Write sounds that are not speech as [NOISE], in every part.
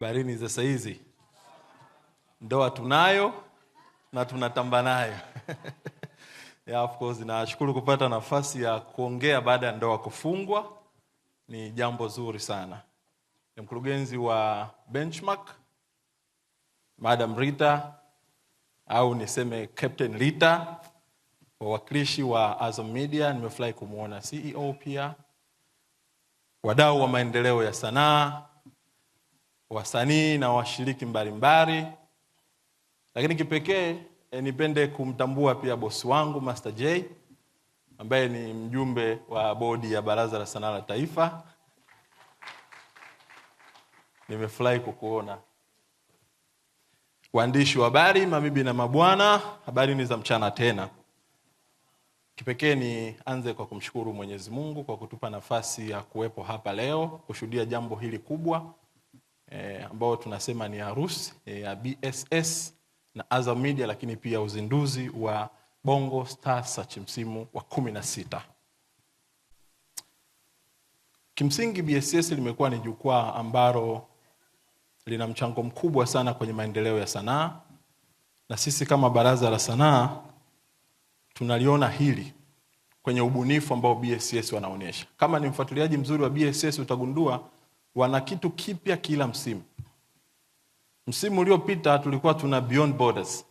barini za saizi, ndoa tunayo na tunatamba nayo [LAUGHS] yeah, of course. Nashukuru kupata nafasi ya kuongea baada ya ndoa kufungwa, ni jambo zuri sana. Ni mkurugenzi wa Benchmark Madam Rita au niseme Captain Rita, wawakilishi wa Azam Media, nimefurahi kumwona CEO pia, wadau wa maendeleo ya sanaa wasanii na washiriki mbalimbali, lakini kipekee eh, nipende kumtambua pia bosi wangu Master J ambaye ni mjumbe wa bodi ya Baraza la Sanaa la Taifa. Nimefurahi kukuona. Waandishi wa habari, mabibi na mabwana, habari ni za mchana tena. Kipekee nianze kwa kumshukuru Mwenyezi Mungu kwa kutupa nafasi ya kuwepo hapa leo kushuhudia jambo hili kubwa eh, ambao tunasema ni harusi eh, ya BSS na Azam Media, lakini pia uzinduzi wa Bongo Star Search msimu wa kumi na sita. Kimsingi BSS limekuwa ni jukwaa ambalo lina mchango mkubwa sana kwenye maendeleo ya sanaa, na sisi kama Baraza la Sanaa tunaliona hili kwenye ubunifu ambao BSS wanaonyesha. Kama ni mfuatiliaji mzuri wa BSS utagundua wana kitu kipya kila msimu. Msimu uliopita tulikuwa tuna beyond borders,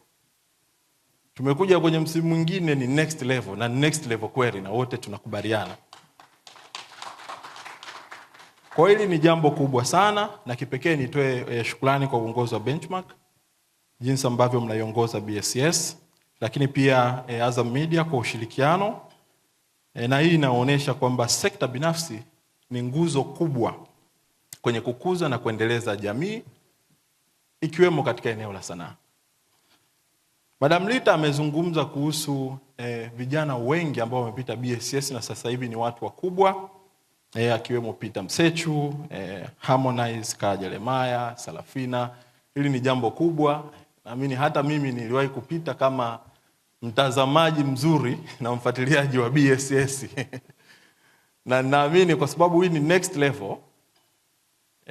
tumekuja kwenye msimu mwingine ni next level, na next level kweli, na wote tunakubaliana. Kwa hili ni jambo kubwa sana, na kipekee nitoe eh, shukrani kwa uongozi wa Benchmark jinsi ambavyo mnaiongoza BSS, lakini pia eh, Azam Media kwa ushirikiano eh, na hii inaonyesha kwamba sekta binafsi ni nguzo kubwa kwenye kukuza na kuendeleza jamii ikiwemo katika eneo la sanaa. Madam Lita amezungumza kuhusu eh, vijana wengi ambao wamepita BSS na sasa hivi ni watu wakubwa eh, akiwemo Peter Msechu eh, Harmonize, Kaa Jeremiah, Sarafina. Hili ni jambo kubwa, naamini hata mimi niliwahi kupita kama mtazamaji mzuri [LAUGHS] na mfuatiliaji wa BSS [LAUGHS] na naamini kwa sababu hii ni next level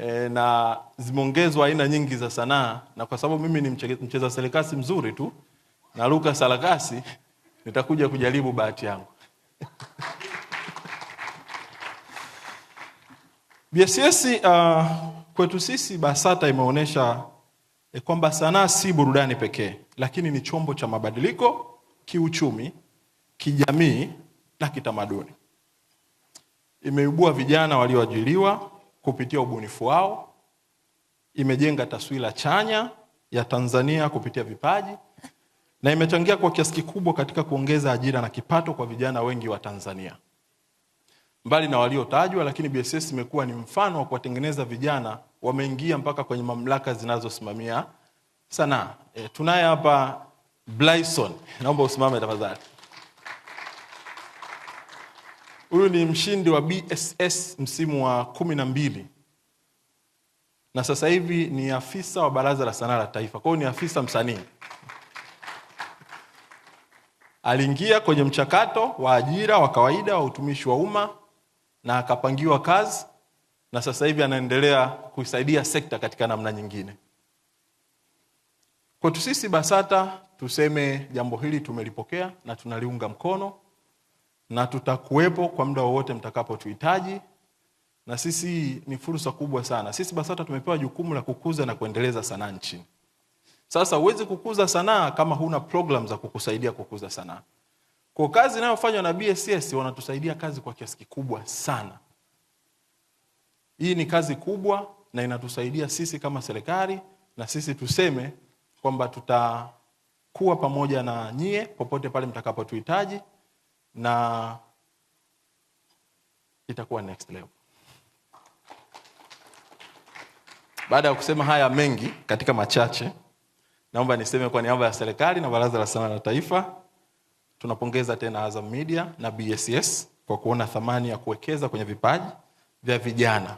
e, na zimeongezwa aina nyingi za sanaa, na kwa sababu mimi ni mcheza sarakasi mzuri tu na Luka sarakasi, [LAUGHS] nitakuja kujaribu bahati yangu BSS [LAUGHS] uh, kwetu sisi BASATA imeonyesha e, eh, kwamba sanaa si burudani pekee, lakini ni chombo cha mabadiliko kiuchumi, kijamii na kitamaduni. Imeibua vijana walioajiriwa kupitia ubunifu wao, imejenga taswira chanya ya Tanzania kupitia vipaji na imechangia kwa kiasi kikubwa katika kuongeza ajira na kipato kwa vijana wengi wa Tanzania. Mbali na waliotajwa, lakini BSS imekuwa ni mfano wa kuwatengeneza vijana, wameingia mpaka kwenye mamlaka zinazosimamia sanaa. E, tunaye hapa Blyson, naomba usimame tafadhali. Huyu ni mshindi wa BSS msimu wa kumi na mbili na sasa hivi ni afisa wa Baraza la Sanaa la Taifa. Kwa hiyo ni afisa msanii. Aliingia kwenye mchakato wa ajira wa kawaida wa utumishi wa umma na akapangiwa kazi, na sasa hivi anaendelea kuisaidia sekta katika namna nyingine. Kwetu sisi BASATA tuseme jambo hili tumelipokea na tunaliunga mkono na tutakuwepo kwa muda wowote mtakapotuhitaji, na sisi ni fursa kubwa sana. Sisi BASATA tumepewa jukumu la kukuza na kuendeleza sanaa nchini. Sasa huwezi kukuza sanaa kama huna program za kukusaidia kukuza sanaa. Kwa kazi inayofanywa na BSS, wanatusaidia kazi kwa kiasi kikubwa sana. Hii ni kazi kubwa na inatusaidia sisi kama serikali, na sisi tuseme kwamba tutakuwa pamoja na nyie popote pale mtakapotuhitaji na itakuwa next level. Baada ya kusema haya mengi katika machache, naomba niseme kwa niaba ya serikali na Baraza la Sanaa la Taifa, tunapongeza tena Azam Media na BSS e kwa kuona thamani ya kuwekeza kwenye vipaji vya vijana.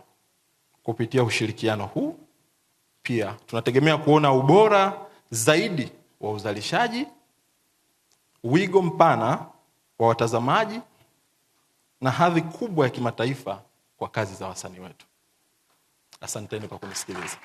Kupitia ushirikiano huu, pia tunategemea kuona ubora zaidi wa uzalishaji, wigo mpana kwa watazamaji na hadhi kubwa ya kimataifa kwa kazi za wasanii wetu. Asanteni kwa kunisikiliza.